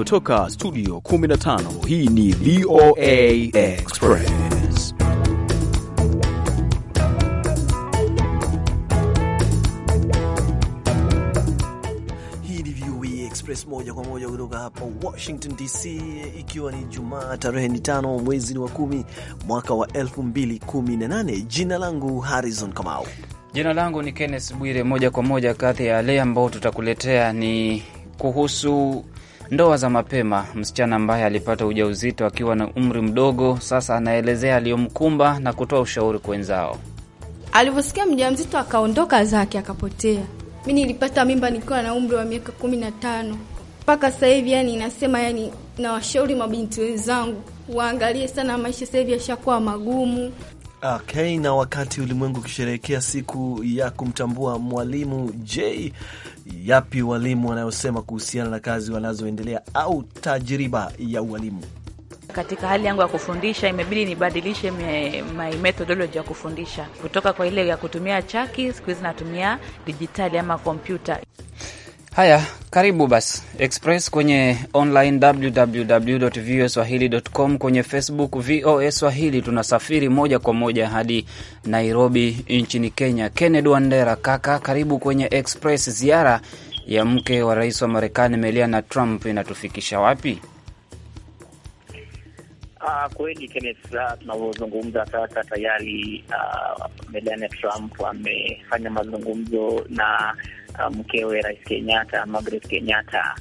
kutoka studio 15 hii ni VOA Express hii ni VOA Express moja kwa moja kutoka hapa Washington DC ikiwa ni Jumaa tarehe ni tano mwezi wa kumi mwaka wa 2018 jina langu Harrison Kamau Jina langu ni Kenneth Bwire. Moja kwa moja, kati ya yale ambao tutakuletea ni kuhusu ndoa za mapema. Msichana ambaye alipata ujauzito akiwa na umri mdogo, sasa anaelezea aliyomkumba na kutoa ushauri kwa wenzao. Alivyosikia mjamzito akaondoka zake akapotea. Mi nilipata mimba nikiwa na umri wa miaka kumi na tano mpaka sahivi yani nasema, yani nawashauri mabinti wenzangu waangalie sana maisha, sahivi yashakuwa magumu. Okay, na wakati ulimwengu ukisherehekea siku ya kumtambua mwalimu, j yapi walimu wanayosema kuhusiana na kazi wanazoendelea au tajriba ya ualimu? Katika hali yangu ya kufundisha imebidi nibadilishe my methodology ya kufundisha kutoka kwa ile ya kutumia chaki, siku hizi natumia dijitali ama kompyuta. Haya, karibu basi Express kwenye online www.voaswahili.com, kwenye Facebook VOA Swahili. Tunasafiri moja kwa moja hadi Nairobi nchini Kenya. Kennedy Wandera kaka, karibu kwenye Express. Ziara ya mke wa rais wa Marekani Melania Trump inatufikisha wapi? Uh, kweli Kenneth, uh, tunavyozungumza sasa tayari uh, Melania Trump amefanya mazungumzo na mkewe Rais Kenyatta, Margaret Kenyatta,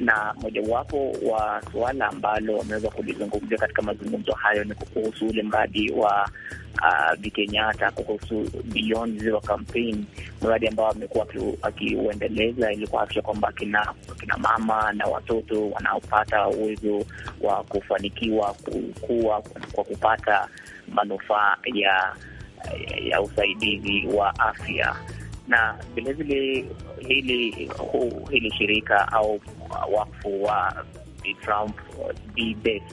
na mojawapo wa suala ambalo wameweza kulizungumzia katika mazungumzo hayo ni kuhusu ule mradi wa Vikenyatta, uh, kuhusu Beyond Zero Campaign, mradi ambao amekuwa akiuendeleza ili kuhakikisha kwamba kina, kina mama na watoto wanaopata uwezo wa kufanikiwa kukua kwa kupata manufaa ya, ya usaidizi wa afya na vilevile hili hili shirika au wakfu wa Trump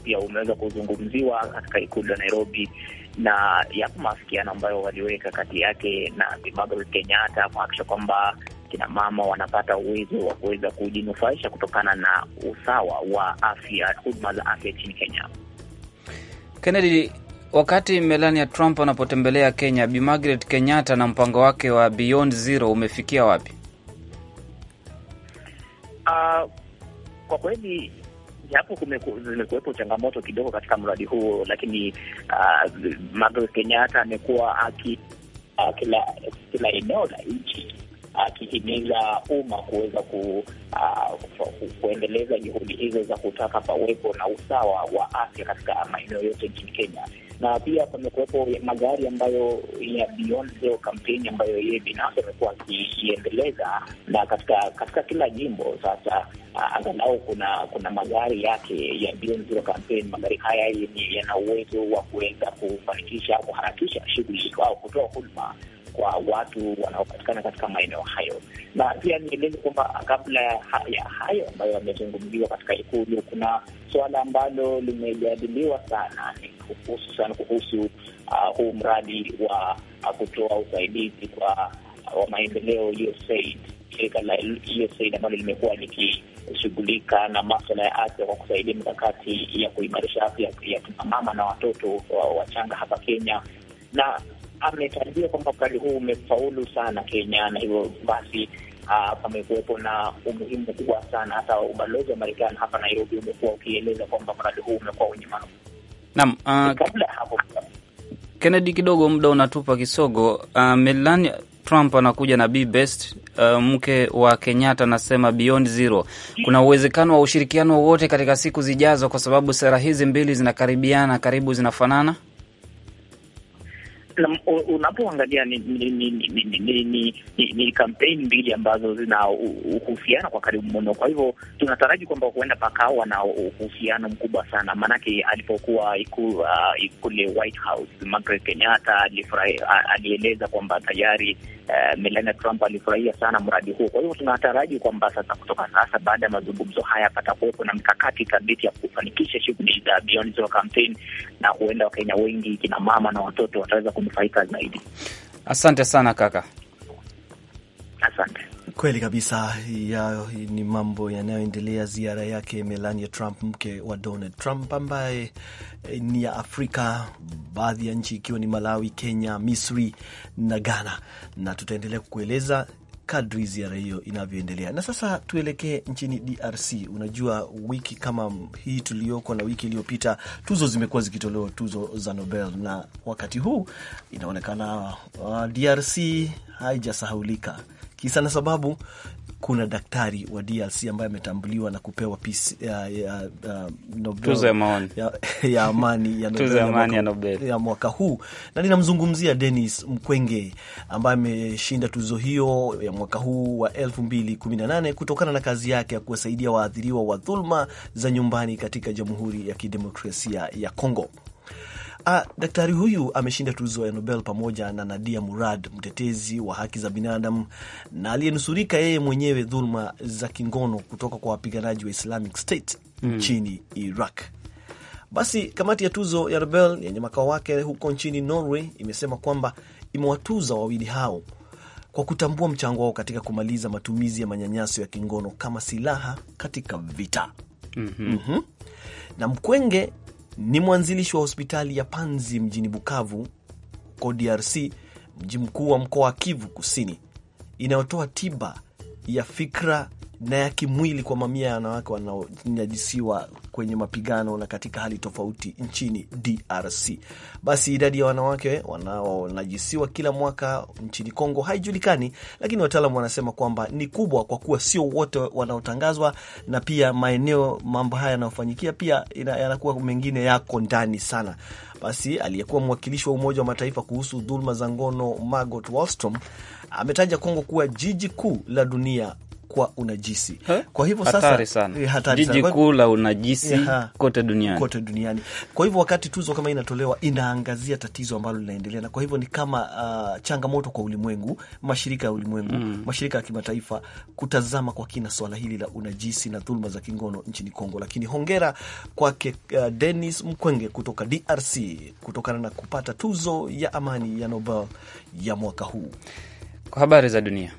pia umeweza kuzungumziwa katika ikulu ya Nairobi na yapo maafikiano ambayo waliweka kati yake na Margaret Kenyatta kuhakikisha kwamba kina mama wanapata uwezo wa kuweza kujinufaisha kutokana na usawa wa afya, huduma za afya nchini Kenya. Kennedy, Wakati Melania Trump anapotembelea Kenya, Bi Margaret Kenyatta na mpango wake wa Beyond Zero umefikia wapi? Uh, kwa kweli japo zimekuwepo changamoto kidogo katika mradi huo, lakini uh, Margaret Kenyatta amekuwa aki uh, kila kila eneo la nchi akihimiza uh, umma kuweza ku, uh, kuendeleza juhudi hizo za kutaka pawepo na usawa wa afya katika maeneo yote nchini Kenya na pia pamekuwepo magari ambayo ya Beyond Zero kampeni ambayo yeye binafsi amekuwa akiiendeleza, na katika katika kila jimbo sasa ah, angalau kuna kuna magari yake ya Beyond Zero kampeni. Magari haya yana uwezo wa kuweza kufanikisha kuharakisha shughuli au kutoa huduma kwa watu wanaopatikana katika maeneo hayo. Na pia nieleze kwamba kabla ya hayo ambayo yamezungumziwa katika Ikulu, kuna suala ambalo limejadiliwa sana hususan kuhusu uh, huu mradi wa uh, kutoa usaidizi kwa uh, wa maendeleo USAID, shirika la USAID ambalo limekuwa likishughulika na maswala ya afya kwa kusaidia mikakati ya kuimarisha afya ya kinamama na watoto wachanga hapa Kenya na ametarajia kwamba mradi huu umefaulu sana Kenya, na hivyo basi Uh, pamekuwepo na umuhimu mkubwa sana. Hata ubalozi wa Marekani hapa Nairobi umekuwa ukieleza kwamba mradi huu umekuwa wenye manufaa. Naam, uh, kabla hapo Kennedy, kidogo muda unatupa kisogo. Uh, Melania Trump anakuja na Be Best, uh, mke wa Kenyatta anasema Beyond Zero. Kuna uwezekano wa ushirikiano wowote katika siku zijazo, kwa sababu sera hizi mbili zinakaribiana, karibu zinafanana unapoangalia ni ni ni, ni, ni, ni, ni, kampeni mbili ambazo zina uhusiano kwa karibu mno. Kwa hivyo tunataraji kwamba huenda pakawa na uhusiano mkubwa sana, maanake alipokuwa uh, kule White House Margaret Kenyatta alieleza kwamba tayari uh, Melania Trump alifurahia sana mradi huo. Kwa hivyo tunataraji kwamba sasa, kutoka sasa, baada ya mazungumzo haya, patakuwepo na mikakati thabiti ya kufanikisha shughuli za Beyond Zero campaign, na huenda Wakenya wengi, kina mama na watoto wataweza kunufaika zaidi. Asante sana kaka, asante. Kweli kabisa, yayo ni mambo yanayoendelea. Ziara yake Melania Trump, mke wa Donald Trump, ambaye eh, ni ya Afrika, baadhi ya nchi ikiwa ni Malawi, Kenya, Misri na Ghana, na tutaendelea kukueleza kadri ziara hiyo inavyoendelea. Na sasa tuelekee nchini DRC. Unajua, wiki kama hii tuliyoko na wiki iliyopita, tuzo zimekuwa zikitolewa, tuzo za Nobel, na wakati huu inaonekana uh, DRC haijasahaulika. Kisa na sababu kuna daktari wa DRC ambaye ametambuliwa na kupewa peace, uh, uh, uh, ya, ya, ya, Nobel, ya, ya amani ya Nobel, ya mwaka, ya Nobel ya mwaka huu, na ninamzungumzia Denis Mkwenge ambaye ameshinda tuzo hiyo ya mwaka huu wa 2018 kutokana na kazi yake ya kuwasaidia waathiriwa wa dhuluma za nyumbani katika Jamhuri ya Kidemokrasia ya Kongo. A, ah, daktari huyu ameshinda tuzo ya Nobel pamoja na Nadia Murad, mtetezi wa haki za binadamu na aliyenusurika yeye mwenyewe dhuluma za kingono kutoka kwa wapiganaji wa Islamic State mm. nchini mm. Iraq. Basi kamati ya tuzo ya Nobel yenye makao wake huko nchini Norway imesema kwamba imewatuza wawili hao kwa kutambua mchango wao katika kumaliza matumizi ya manyanyaso ya kingono kama silaha katika vita. mm -hmm. Mm -hmm. Na mkwenge ni mwanzilishi wa hospitali ya Panzi mjini Bukavu huko DRC, mji mkuu wa mkoa wa Kivu Kusini, inayotoa tiba ya fikra na ya kimwili kwa mamia ya wanawake wanaonyajisiwa kwenye mapigano na katika hali tofauti nchini DRC. Basi idadi ya wanawake wanaonajisiwa kila mwaka nchini Kongo haijulikani, lakini wataalamu wanasema kwamba ni kubwa, kwa kuwa sio wote wanaotangazwa, na pia maeneo mambo haya yanayofanyikia pia yanakuwa mengine yako ndani sana. Basi aliyekuwa mwakilishi wa Umoja wa Mataifa kuhusu dhuluma za ngono Margot Wallstrom ametaja Kongo kuwa jiji kuu la dunia kwa unajisi ha? Eh? Kwa hivyo sasa hatari sana, eh, hatari Jiji kuu la unajisi kote duniani, kote duniani. Kwa hivyo wakati tuzo kama inatolewa inaangazia tatizo ambalo linaendelea, na kwa hivyo ni kama uh, changamoto kwa ulimwengu, mashirika ya ulimwengu mm. mashirika ya kimataifa kutazama kwa kina swala hili la unajisi na dhuluma za kingono nchini Kongo. Lakini hongera kwake uh, ah, Denis Mkwenge kutoka DRC kutokana na kupata tuzo ya amani ya Nobel ya mwaka huu. Kwa habari za dunia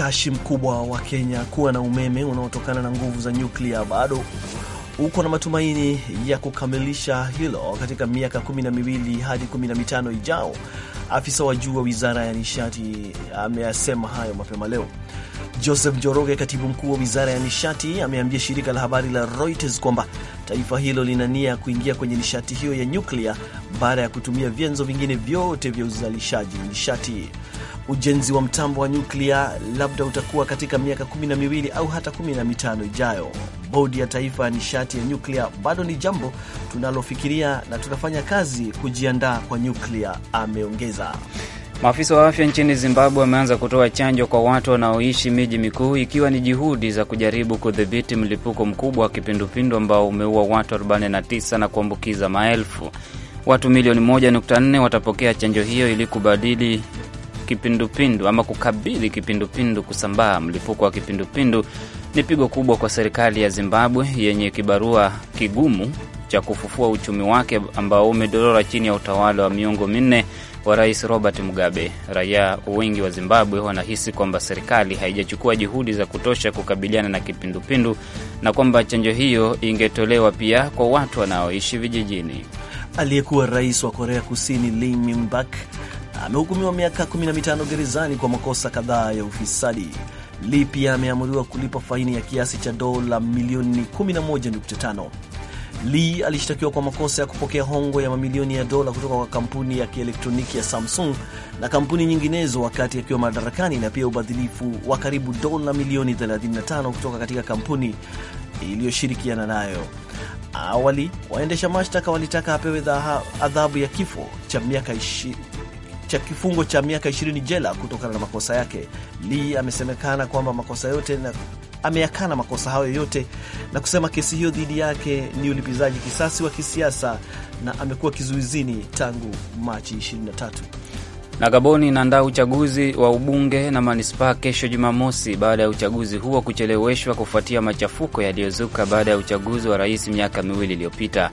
utashi mkubwa wa Kenya kuwa na umeme unaotokana na nguvu za nyuklia bado uko na matumaini ya kukamilisha hilo katika miaka kumi na miwili hadi kumi na mitano ijao. Afisa wa juu wa wizara ya nishati ameyasema hayo mapema leo. Joseph Joroge, katibu mkuu wa wizara ya nishati, ameambia shirika la habari la Reuters kwamba taifa hilo lina nia ya kuingia kwenye nishati hiyo ya nyuklia baada ya kutumia vyanzo vingine vyote vya uzalishaji nishati ujenzi wa mtambo wa nyuklia labda utakuwa katika miaka kumi na miwili au hata kumi na mitano ijayo. Bodi ya Taifa ya Nishati ya Nyuklia bado ni jambo tunalofikiria na tunafanya kazi kujiandaa kwa nyuklia, ameongeza. Maafisa wa afya nchini Zimbabwe wameanza kutoa chanjo kwa watu wanaoishi miji mikuu ikiwa ni juhudi za kujaribu kudhibiti mlipuko mkubwa wa kipindupindu ambao umeua watu 49 na kuambukiza maelfu. Watu milioni 1.4 watapokea chanjo hiyo ili kubadili kipindupindu ama kukabili kipindupindu kusambaa. Mlipuko wa kipindupindu ni pigo kubwa kwa serikali ya Zimbabwe yenye kibarua kigumu cha kufufua uchumi wake ambao umedorora chini ya utawala wa miongo minne wa Rais Robert Mugabe. Raia wengi wa Zimbabwe wanahisi kwamba serikali haijachukua juhudi za kutosha kukabiliana na kipindupindu na kwamba chanjo hiyo ingetolewa pia kwa watu wanaoishi vijijini. Aliyekuwa rais wa Korea Kusini Lee Myung-bak amehukumiwa miaka 15 gerezani kwa makosa kadhaa ya ufisadi. Lee pia ameamuriwa kulipa faini ya kiasi cha dola milioni 11.5. Lee alishtakiwa kwa makosa ya kupokea hongo ya mamilioni ya dola kutoka kwa kampuni ya kielektroniki ya Samsung na kampuni nyinginezo wakati akiwa madarakani na pia ubadhilifu wa karibu dola milioni 35 kutoka katika kampuni iliyoshirikiana nayo. Awali waendesha mashtaka walitaka apewe adhabu ya kifo cha miaka cha kifungo cha miaka 20 jela kutokana na makosa yake. Lee amesemekana kwamba makosa yote na ameyakana makosa hayo yote na kusema kesi hiyo dhidi yake ni ulipizaji kisasi wa kisiasa na amekuwa kizuizini tangu Machi 23. Na Gaboni inaandaa uchaguzi wa ubunge na manispaa kesho Jumamosi baada ya uchaguzi huo kucheleweshwa kufuatia machafuko yaliyozuka baada ya uchaguzi wa rais miaka miwili iliyopita.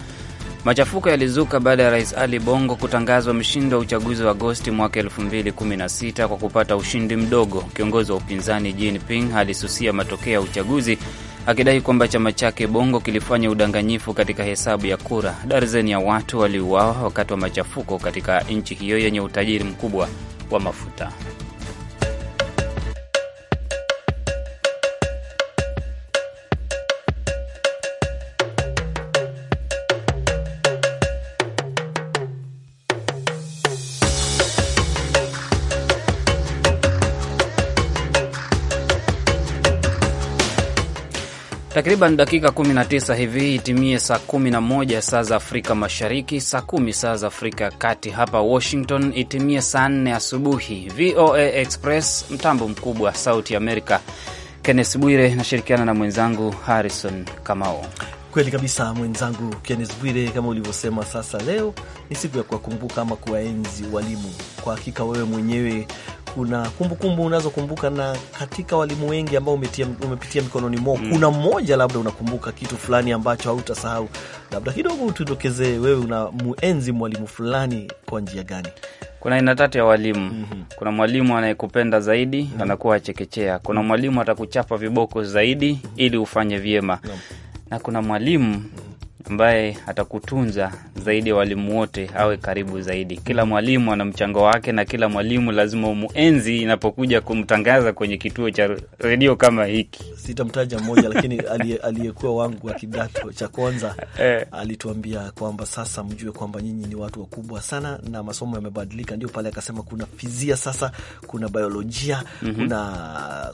Machafuko yalizuka baada ya rais Ali Bongo kutangazwa mshindi wa uchaguzi wa Agosti mwaka 2016 kwa kupata ushindi mdogo. Kiongozi wa upinzani Jean Ping alisusia matokeo ya uchaguzi akidai kwamba chama chake Bongo kilifanya udanganyifu katika hesabu ya kura. Darzeni ya watu waliuawa wakati wa machafuko katika nchi hiyo yenye utajiri mkubwa wa mafuta. Takriban dakika 19 hivi itimie saa 11 saa za Afrika Mashariki, saa kumi saa za Afrika ya Kati. Hapa Washington itimie saa nne asubuhi. VOA Express, mtambo mkubwa Sauti Amerika. Kennes Bwire nashirikiana na mwenzangu Harrison Kamao. Kweli kabisa mwenzangu Kennes Bwire, kama ulivyosema, sasa leo ni siku ya kuwakumbuka ama kuwaenzi walimu. Kwa hakika wewe mwenyewe kuna kumbukumbu unazokumbuka, na katika walimu wengi ambao umetia, umepitia mikononi mwao mm. kuna mmoja labda unakumbuka kitu fulani ambacho hautasahau? Labda kidogo utudokezee, wewe una muenzi mwalimu fulani kwa njia gani? Kuna aina tatu ya walimu mm -hmm. Kuna mwalimu anayekupenda zaidi mm -hmm. anakuwa achekechea. Kuna mhm. mwalimu atakuchapa viboko zaidi mm -hmm. ili ufanye vyema no. na kuna mwalimu mhm ambaye atakutunza zaidi ya walimu wote, awe karibu zaidi. Kila mwalimu ana mchango wake, na kila mwalimu lazima umuenzi inapokuja kumtangaza kwenye kituo cha redio kama hiki. Sitamtaja mmoja, lakini aliyekuwa wangu wa kidato cha kwanza eh. alituambia kwamba sasa mjue kwamba nyinyi ni watu wakubwa sana na masomo yamebadilika. Ndio pale akasema kuna fizia sasa, kuna biolojia mm -hmm. kuna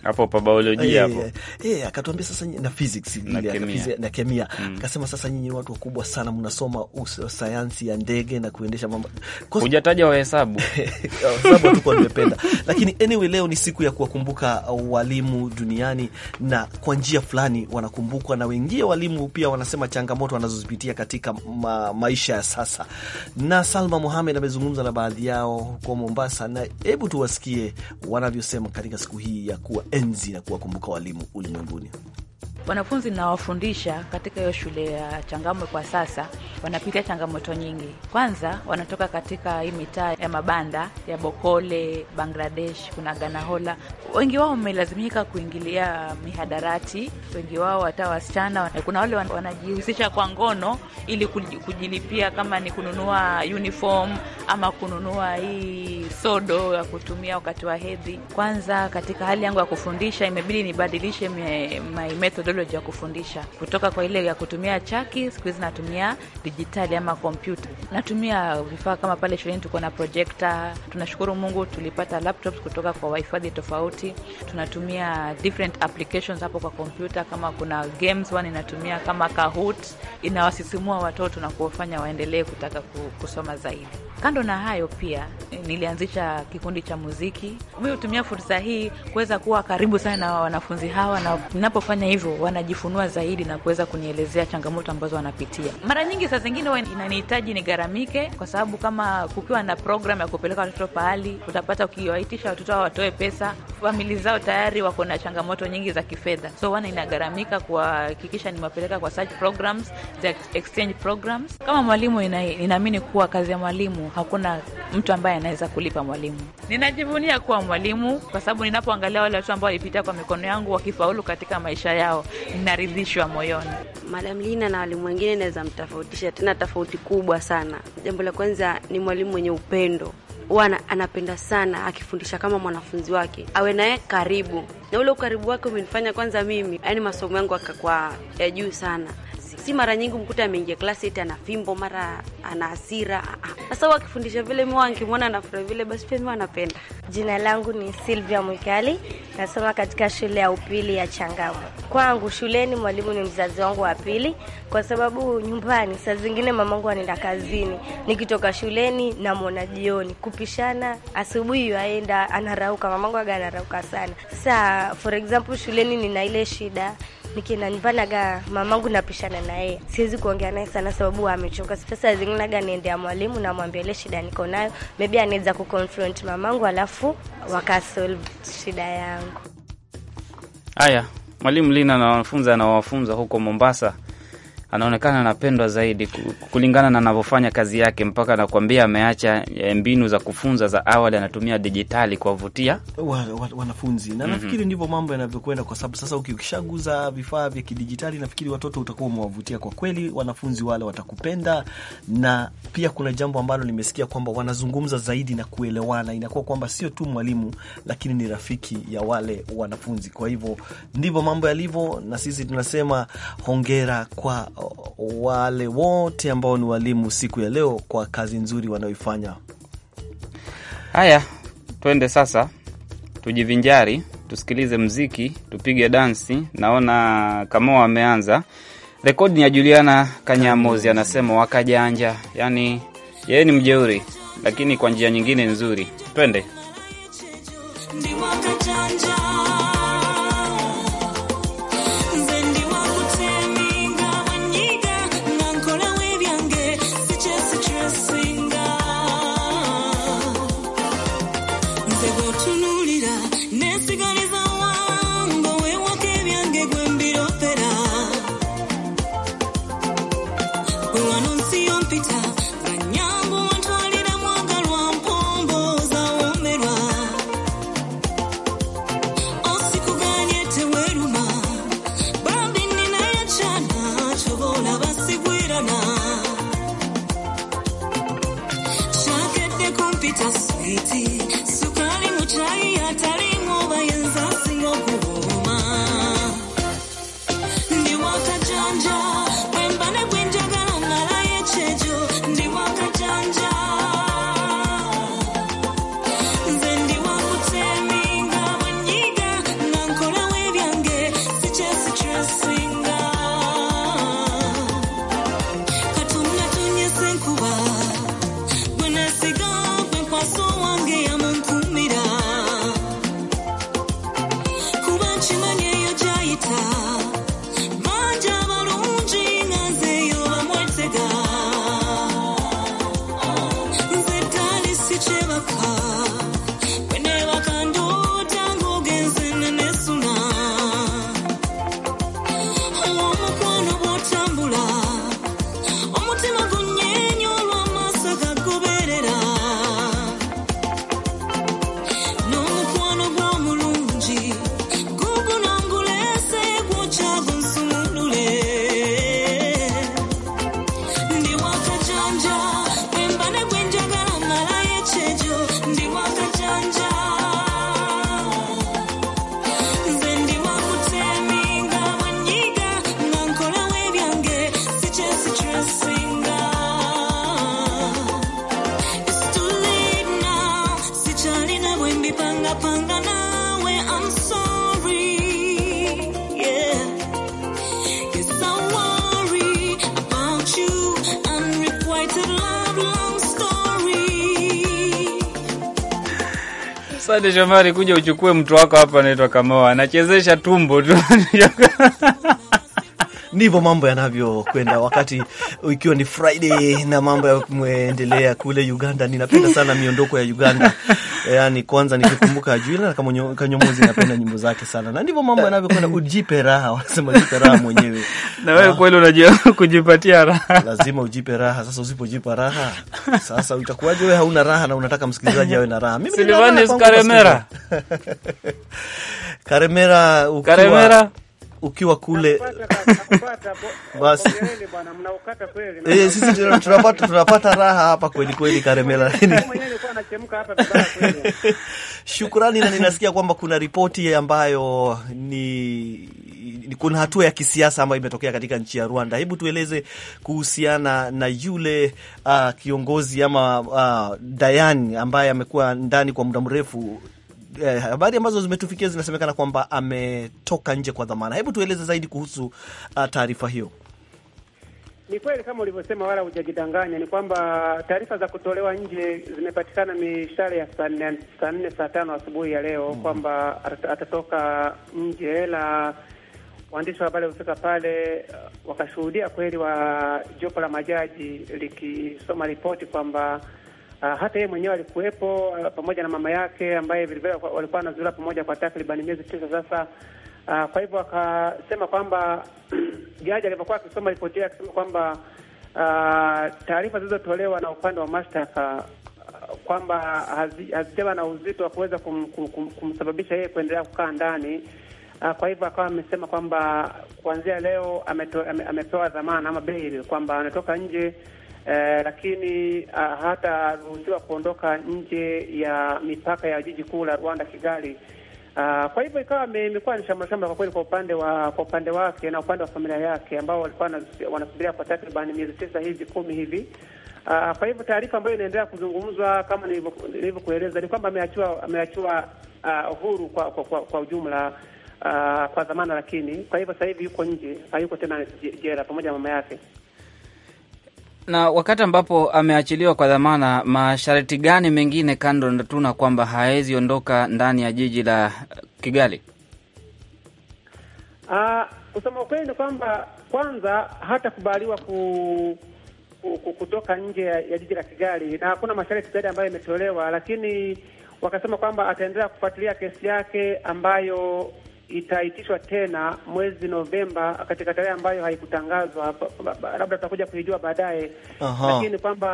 hapo pa biolojia eh, hapo eh, eh, akatuambia sasa na physics na kemia, na kemia. Mm. sasa nyinyi watu wakubwa sana mnasoma sayansi ya ndege na kuendesha mambo. Hujataja wahesabu. Wahesabu hatukuwa tumependa. Lakini anyway, leo ni siku ya kuwakumbuka walimu duniani, na kwa njia fulani wanakumbukwa, na wengine walimu pia wanasema changamoto wanazozipitia katika ma maisha ya sasa. Na Salma Muhamed amezungumza na baadhi yao huko Mombasa, na hebu tuwasikie wanavyosema katika siku hii ya kuwa enzi na kuwakumbuka walimu ulimwenguni wanafunzi nawafundisha katika hiyo shule ya Changamwe kwa sasa wanapitia changamoto nyingi. Kwanza wanatoka katika hii mitaa ya mabanda ya Bokole, Bangladesh, kuna Ganahola. Wengi wao wamelazimika kuingilia mihadarati, wengi wao hata wasichana. Kuna wale wanajihusisha kwa ngono ili kujilipia, kama ni kununua uniform ama kununua hii sodo ya kutumia wakati wa hedhi. Kwanza katika hali yangu ya kufundisha, imebidi nibadilishe my method methodology ya kufundisha kutoka kwa ile ya kutumia chaki, siku hizi natumia dijitali ama kompyuta, natumia vifaa kama pale shuleni tuko na projekta. Tunashukuru Mungu tulipata laptops kutoka kwa wahifadhi tofauti, tunatumia different applications hapo kwa kompyuta, kama kuna games one inatumia kama Kahoot, inawasisimua watoto na kuwafanya waendelee kutaka kusoma zaidi. Kando na hayo, pia eh, nilianzisha kikundi cha muziki. Mi hutumia fursa hii kuweza kuwa karibu sana na wanafunzi hawa, na ninapofanya hivyo wanajifunua zaidi na kuweza kunielezea changamoto ambazo wanapitia. Mara nyingi saa zingine huwa inanihitaji nigaramike, kwa sababu kama kukiwa na programu ya kupeleka watoto pahali, utapata ukiwaitisha watoto hao watoe pesa, famili zao tayari wako na changamoto nyingi za kifedha, so wana inagaramika kuhakikisha nimewapeleka kwa such programs, the exchange programs. Kama mwalimu, inaamini kuwa kazi ya mwalimu hakuna mtu ambaye anaweza kulipa mwalimu. Ninajivunia kuwa mwalimu kwa sababu ninapoangalia wale watu ambao walipitia kwa mikono yangu wakifaulu katika maisha yao, ninaridhishwa moyoni. Madam Lina na walimu wengine naweza mtofautisha tena tofauti kubwa sana. Jambo la kwanza ni mwalimu mwenye upendo huwa anapenda sana akifundisha kama mwanafunzi wake awe naye karibu, na ule ukaribu wake umenifanya kwanza mimi, yaani masomo yangu akakuwa ya juu sana si mara nyingi mkuta ameingia klasi eti ana fimbo, mara ana hasira. Sasa wakifundisha vile mwa nkimwona anafurahi vile, basi pia mwa anapenda. Jina langu ni Silvia Mwikali, nasoma katika shule ya upili ya changamo Kwangu shuleni mwalimu ni mzazi wangu wa pili, kwa sababu nyumbani saa zingine mamangu anaenda kazini, nikitoka shuleni namwona jioni, kupishana asubuhi aenda anarauka, mamangu aga anarauka sana. Sasa for example shuleni nina ile shida nikinanipanaga mamangu napishana naye, siwezi kuongea naye sana sababu amechoka. Sasa zinginaga niendea mwalimu na mwambia ile shida niko nayo, maybe anaweza kuconfront mamangu alafu wakasolve shida yangu. Haya, mwalimu Lina na wanafunzi anawafunza huko Mombasa anaonekana anapendwa zaidi kulingana na anavyofanya kazi yake, mpaka anakuambia ameacha eh, mbinu za kufunza za awali, anatumia dijitali kuwavutia wa, wa, wanafunzi na mm -hmm. Nafikiri ndivyo mambo yanavyokwenda, kwa sababu sasa ukishaguza vifaa vya kidijitali, nafikiri watoto utakuwa umewavutia kwa kweli, wanafunzi wale watakupenda. Na pia kuna jambo ambalo nimesikia kwamba wanazungumza zaidi na kuelewana, inakuwa kwamba sio tu mwalimu, lakini ni rafiki ya wale wanafunzi. Kwa hivyo ndivyo mambo yalivyo, na sisi tunasema hongera kwa wale wote ambao ni walimu siku ya leo kwa kazi nzuri wanaoifanya. Haya, twende sasa tujivinjari, tusikilize mziki, tupige dansi. Naona kama wameanza rekodi ya Juliana Kanyamozi, anasema wakajanja. Yani yeye ni mjeuri, lakini kwa njia nyingine nzuri. Twende. Oh. Asante Shomari, kuja uchukue mtu wako hapa, anaitwa Kamao, anachezesha tumbo tu Ndivyo mambo yanavyokwenda wakati ikiwa ni Friday na mambo yameendelea kule Uganda. Ninapenda sana miondoko ya Uganda, yani kwanza nikikumbuka Juila na Kanyomozi, napenda nyimbo zake sana, na ndivyo mambo yanavyokwenda. Ujipe raha, wanasema ujipe raha mwenyewe, na wewe ah. kweli unajua kujipatia raha, lazima ujipe raha. Sasa usipojipa raha, sasa utakuwaje wewe? Hauna raha na unataka msikilizaji awe na raha. Mimi Silvani Karemera Karemera ukiwa ukiwa kule basi eh, sisi tunapata tunapata raha hapa kweli kweli, Karemela. Shukrani, na ninasikia kwamba kuna ripoti ambayo ni kuna hatua ya kisiasa ambayo imetokea katika nchi ya Rwanda. Hebu tueleze kuhusiana na yule uh, kiongozi ama uh, ah, Dayan ambaye amekuwa ndani kwa muda mrefu eh, habari ambazo zimetufikia zinasemekana kwamba ametoka nje kwa dhamana. Hebu tueleze zaidi kuhusu uh, taarifa hiyo. Ni kweli kama ulivyosema, wala hujajidanganya, ni kwamba taarifa za kutolewa nje zimepatikana mishale ya saa nne saa tano asubuhi ya leo mm, kwamba atatoka nje la waandishi wa habari walifika pale wakashuhudia kweli wa jopo la majaji likisoma ripoti kwamba Uh, hata yeye mwenyewe alikuwepo uh, pamoja na mama yake ambaye vilevile walikuwa wanazuria pamoja kwa takriban miezi tisa sasa. Uh, kwa hivyo akasema kwamba jaji alivyokuwa akisoma ripoti yake akisema kwamba uh, taarifa zilizotolewa na upande wa mashtaka uh, kwamba hazijawa na uzito wa kuweza kum, kum, kum, kumsababisha yeye kuendelea kukaa ndani uh, kwa hivyo akawa amesema kwamba kuanzia leo ameto, ame, amepewa dhamana ama bail kwamba anatoka nje eh, lakini ah, hataruhusiwa kuondoka nje ya mipaka ya jiji kuu la Rwanda, Kigali. Ah, kwa hivyo ikawa imekuwa ni shamra shamra kwa kweli, kwa upande wa kwa upande wake na upande wa familia yake ambao walikuwa wanasubiria kwa takriban miezi tisa hivi kumi hivi. Ah, kwa hivyo taarifa ambayo inaendelea kuzungumzwa kama nilivyokueleza ni kwamba ameachiwa ameachiwa ah, uhuru kwa, kwa, kwa, kwa ujumla Uh, kwa dhamana lakini, kwa hivyo sasa hivi yuko nje, hayuko tena jela pamoja na mama yake. Na wakati ambapo ameachiliwa kwa dhamana, masharti gani mengine kando na tuna kwamba hawezi ondoka ndani ya jiji la Kigali? Uh, kusema ukweli ni kwamba kwanza hatakubaliwa ku, ku, ku, kutoka nje ya, ya jiji la Kigali na hakuna masharti zaidi ambayo imetolewa, lakini wakasema kwamba ataendelea kufuatilia kesi yake ambayo itaitishwa tena mwezi Novemba katika tarehe ambayo haikutangazwa, labda tutakuja kuijua baadaye, lakini kwamba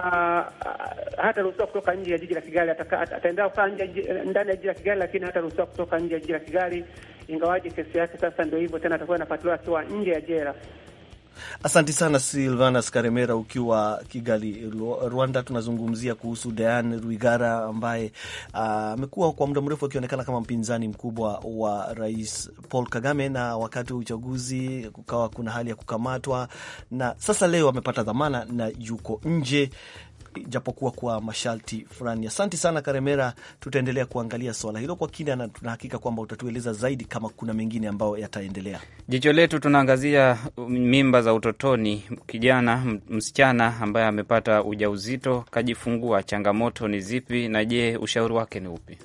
uh, hataruhusiwa kutoka nje ya jiji la Kigali. Ataendelea kukaa ndani ya jiji la Kigali, lakini hataruhusiwa kutoka nje ya jiji la Kigali, ingawaje kesi yake sasa ndio hivyo tena, atakuwa inafuatiliwa akiwa nje ya jela. Asanti sana Silvanas Karemera ukiwa Kigali, Rwanda. Tunazungumzia kuhusu Dean Rwigara ambaye ah, amekuwa uh, kwa muda mrefu akionekana kama mpinzani mkubwa wa Rais Paul Kagame, na wakati wa uchaguzi kukawa kuna hali ya kukamatwa, na sasa leo amepata dhamana na yuko nje japokuwa kwa masharti fulani. Asante sana Karemera, tutaendelea kuangalia swala hilo kwa kina na tunahakika kwamba utatueleza zaidi kama kuna mengine ambayo yataendelea. Jicho letu tunaangazia mimba za utotoni. Kijana msichana ambaye amepata ujauzito kajifungua, changamoto ni zipi na je, ushauri wake ni upi?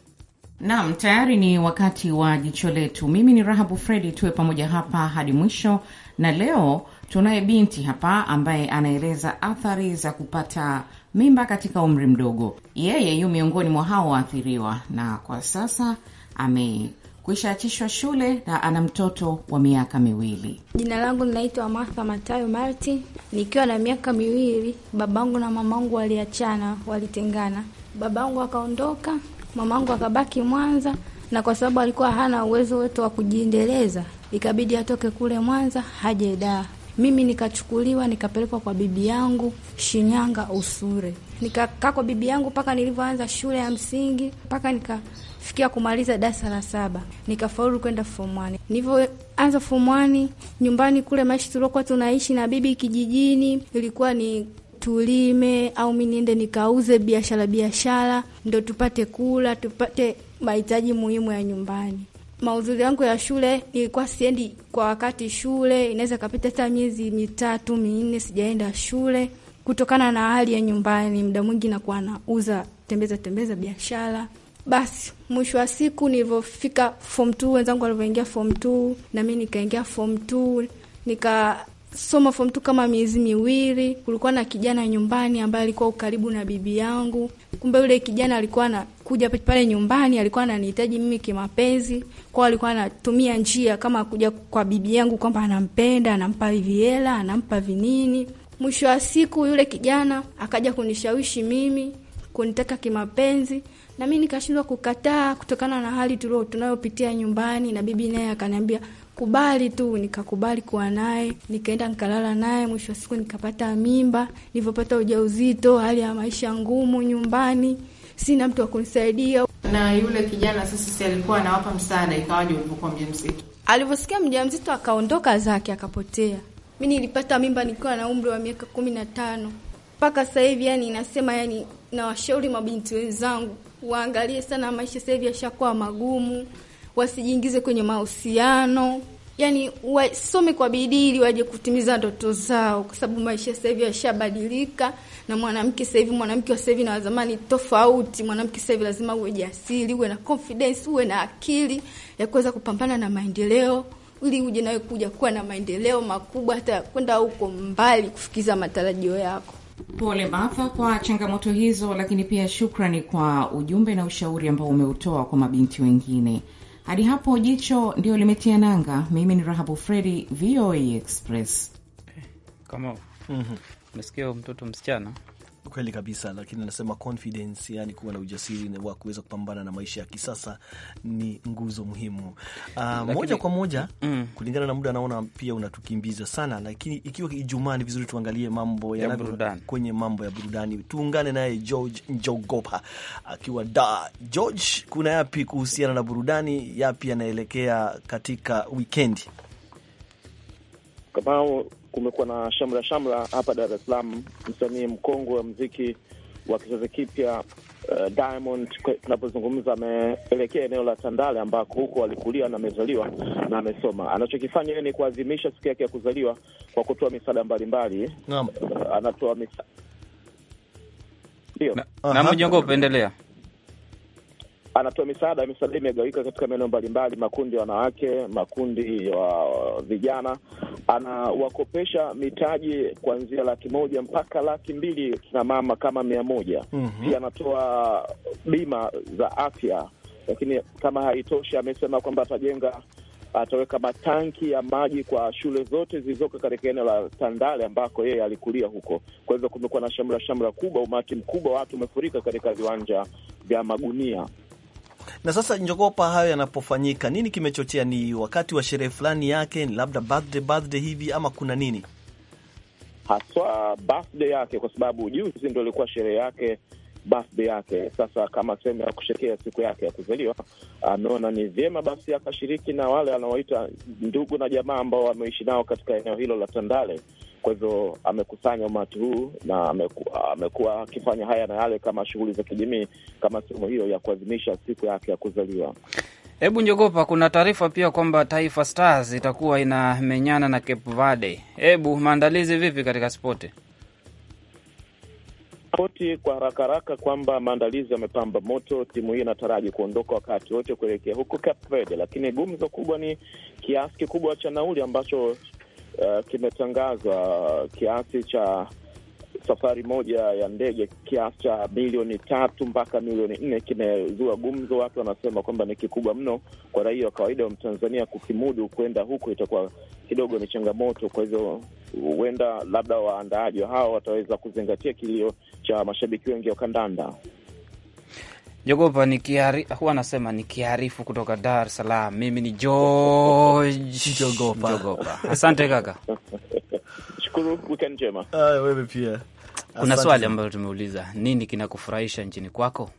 Naam, tayari ni wakati wa jicho letu. Mimi ni Rahabu Fredi, tuwe pamoja hapa hadi mwisho, na leo tunaye binti hapa ambaye anaeleza athari za kupata mimba katika umri mdogo. Yeye yu miongoni mwa hao waathiriwa, na kwa sasa amekwisha achishwa shule na ana mtoto wa miaka miwili. Jina langu linaitwa Martha Matayo Marti. Nikiwa na miaka miwili, babangu na mamangu waliachana, walitengana. Babangu akaondoka, mamangu akabaki Mwanza, na kwa sababu alikuwa hana uwezo wetu wa kujiendeleza, ikabidi atoke kule Mwanza haje Daa mimi nikachukuliwa nikapelekwa kwa bibi yangu Shinyanga Usure, nikakaa kwa bibi yangu mpaka nilivyoanza shule ya msingi mpaka nikafikia kumaliza darasa la saba, nikafaulu kwenda form one. Nilivyoanza form one, nyumbani kule maisha tuliokuwa tunaishi na bibi kijijini ilikuwa ni tulime au mi niende nikauze biashara biashara, ndo tupate kula tupate mahitaji muhimu ya nyumbani maudhuri yangu ya shule nilikuwa siendi kwa wakati shule, inaweza kapita hata miezi mitatu minne sijaenda shule kutokana na hali ya nyumbani. Muda mwingi nakuwa nauza tembeza tembeza biashara. Basi mwisho wa siku nilivyofika form 2 wenzangu walivyoingia form 2 na mi nikaingia form 2 nikasoma form 2 kama miezi miwili. Kulikuwa na kijana nyumbani ambaye alikuwa ukaribu na bibi yangu, kumbe yule kijana alikuwa na kuja pale nyumbani, alikuwa ananihitaji mimi kimapenzi, kwao alikuwa anatumia njia kama kuja kwa bibi yangu kwamba anampenda, anampa viela, anampa vinini. Mwisho wa siku yule kijana akaja kunishawishi mimi kunitaka kimapenzi, na mimi nikashindwa kukataa kutokana na hali tulio tunayopitia nyumbani, na bibi naye akaniambia kubali tu, nikakubali kuwa naye, nikaenda nikalala naye. Mwisho wa siku nikapata mimba, nilivyopata ujauzito, hali ya maisha ngumu nyumbani sina mtu wa kunisaidia. Na yule kijana sasa, si alikuwa anawapa msaada, ikawaje ulipokuwa mjamzito? Alivyosikia mjamzito akaondoka zake akapotea. Mi nilipata mimba nikiwa na umri wa miaka kumi na tano mpaka sasa hivi, yani nasema, yani nawashauri mabinti wenzangu waangalie sana maisha, sasa hivi yashakuwa magumu, wasijiingize kwenye mahusiano yani wasome kwa bidii ili waje kutimiza ndoto zao, kwa sababu maisha sasa hivi yashabadilika, na mwanamke sasa hivi, mwanamke wa sasa hivi na wa zamani tofauti. Mwanamke sasa hivi lazima uwe jasiri, uwe na confidence, uwe na akili ya kuweza kupambana na maendeleo, ili uje nawe kuja kuwa na maendeleo makubwa, hata kwenda huko mbali kufikiza matarajio yako. Pole Martha kwa changamoto hizo, lakini pia shukrani kwa ujumbe na ushauri ambao umeutoa kwa mabinti wengine. Hadi hapo jicho ndio limetia nanga. Mimi ni Rahabu Fredi, VOA Express. Eh, mhm. umesikia mtoto msichana Kweli kabisa, lakini anasema confidence, yani kuwa na ujasiri wa kuweza kupambana na maisha ya kisasa ni nguzo muhimu. Uh, lakini, moja kwa moja mm, kulingana na muda naona pia unatukimbiza sana, lakini ikiwa Ijumaa ni vizuri tuangalie mambo ya ya kwenye mambo ya burudani. Tuungane naye George Njogopa akiwa da. George, kuna yapi kuhusiana na burudani, yapi yanaelekea katika wikendi? kumekuwa na shamra shamra hapa Dar es Salaam. Msanii mkongwe wa mziki wa kizazi kipya uh, Diamond tunapozungumza, ameelekea eneo la Tandale ambako huko alikulia na amezaliwa na amesoma. Anachokifanya yeye ni kuadhimisha siku yake ya kuzaliwa kwa kutoa misaada mbalimbali. Naam, uh, anatoa misa... ndio na, na mjongo upendelea anatoa misaada. Misaada imegawika katika maeneo mbalimbali, makundi ya wanawake, makundi ya wa vijana. Anawakopesha mitaji kuanzia laki moja mpaka laki mbili kina mama kama mia moja. Mhm. Pia mm -hmm. anatoa bima za afya, lakini kama haitoshi, amesema kwamba atajenga ataweka matanki ya maji kwa shule zote zilizoko katika eneo la Tandale ambako yeye alikulia huko. Kwa hivyo kumekuwa na shamra shamra kubwa, umati mkubwa watu umefurika katika viwanja vya magunia na sasa njogopa, hayo yanapofanyika, nini kimechochea? Ni wakati wa sherehe fulani yake, labda birthday, birthday hivi ama kuna nini haswa birthday yake? Kwa sababu juzi ndo ilikuwa sherehe yake birthday yake. Sasa kama sehemu ya kusherekea siku yake ya kuzaliwa, ameona ni vyema basi akashiriki na wale anaoita ndugu na jamaa ambao wameishi nao katika eneo hilo la Tandale kwa hivyo amekusanya umati huu na amekuwa akifanya haya na yale kama shughuli za kijamii kama sehemu hiyo ya kuadhimisha siku yake ya kuzaliwa. Hebu njogopa, kuna taarifa pia kwamba Taifa Stars itakuwa inamenyana na Cape Verde. Hebu maandalizi vipi katika spoti? Ripoti kwa haraka haraka kwamba maandalizi yamepamba moto. Timu hii inataraji kuondoka wakati wote kuelekea huko Cape Verde, lakini gumzo kubwa ni kiasi kikubwa cha nauli ambacho Eh, kimetangazwa kiasi cha safari moja ya ndege kiasi cha milioni tatu mpaka milioni nne. Kimezua gumzo, watu wanasema kwamba ni kikubwa mno kwa raia wa kawaida wa Mtanzania kukimudu kwenda huko, itakuwa kidogo ni changamoto. Kwa hivyo huenda labda waandaaji hao wataweza kuzingatia kilio cha mashabiki wengi wa kandanda. Jogopa kiari, huwa anasema kiarifu kutoka Dar es Salaam. Mimi ni George Jogopa. Jogopa, asante kaka. Shukuru, weekend njema. Ah, wewe pia. Kuna swali ambalo tumeuliza, nini kinakufurahisha nchini kwako?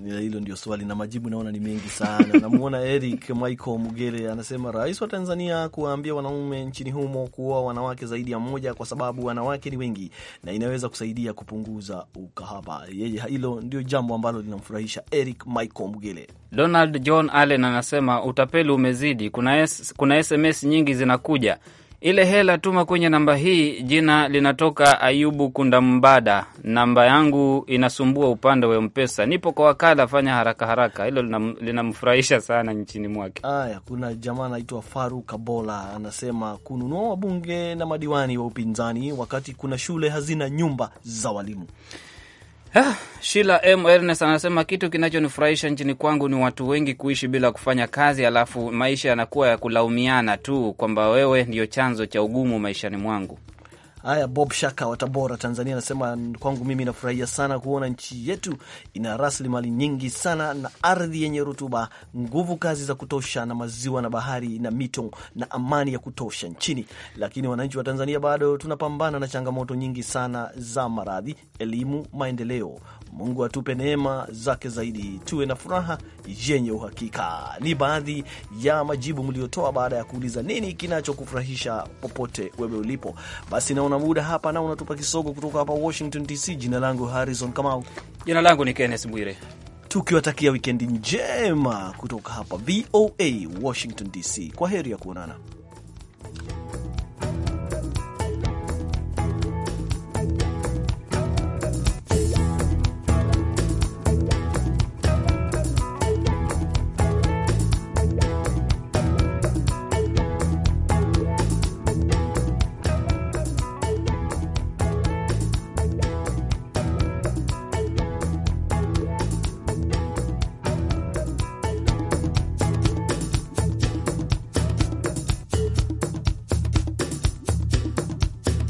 Hilo ndio swali na majibu naona ni mengi sana. Namwona Eric Michael Mugere anasema rais wa Tanzania kuwaambia wanaume nchini humo kuoa wanawake zaidi ya moja, kwa sababu wanawake ni wengi na inaweza kusaidia kupunguza ukahaba. Yeye hilo ndio jambo ambalo linamfurahisha Eric Michael Mugere. Donald John Allen anasema utapeli umezidi, kuna, es, kuna SMS nyingi zinakuja ile hela, tuma kwenye namba hii. Jina linatoka Ayubu Kundambada, namba yangu inasumbua upande wa Mpesa, nipo kwa wakala, fanya haraka haraka. Hilo linamfurahisha sana nchini mwake. Aya, kuna jamaa anaitwa Faru Kabola anasema kununua wabunge na madiwani wa upinzani wakati kuna shule hazina nyumba za walimu. Ah, Shila M Ernest anasema kitu kinachonifurahisha nchini kwangu ni watu wengi kuishi bila kufanya kazi, alafu maisha yanakuwa ya kulaumiana tu kwamba wewe ndiyo chanzo cha ugumu maishani mwangu. Haya, Bob Shaka wa Tabora, Tanzania, anasema kwangu mimi nafurahia sana kuona nchi yetu ina rasilimali nyingi sana na ardhi yenye rutuba, nguvu kazi za kutosha, na maziwa na bahari na mito na amani ya kutosha nchini. Lakini wananchi wa Tanzania bado tunapambana na changamoto nyingi sana za maradhi, elimu, maendeleo, Mungu atupe neema zake zaidi, tuwe na furaha yenye uhakika. Ni baadhi ya majibu mliotoa baada ya kuuliza nini kinachokufurahisha popote wewe ulipo. Basi naona muda hapa na unatupa kisogo. Kutoka hapa Washington DC, jina langu Harrison Kamau. Jina langu ni Kenneth Bwire, tukiwatakia wikendi njema kutoka hapa VOA Washington DC. Kwa heri ya kuonana.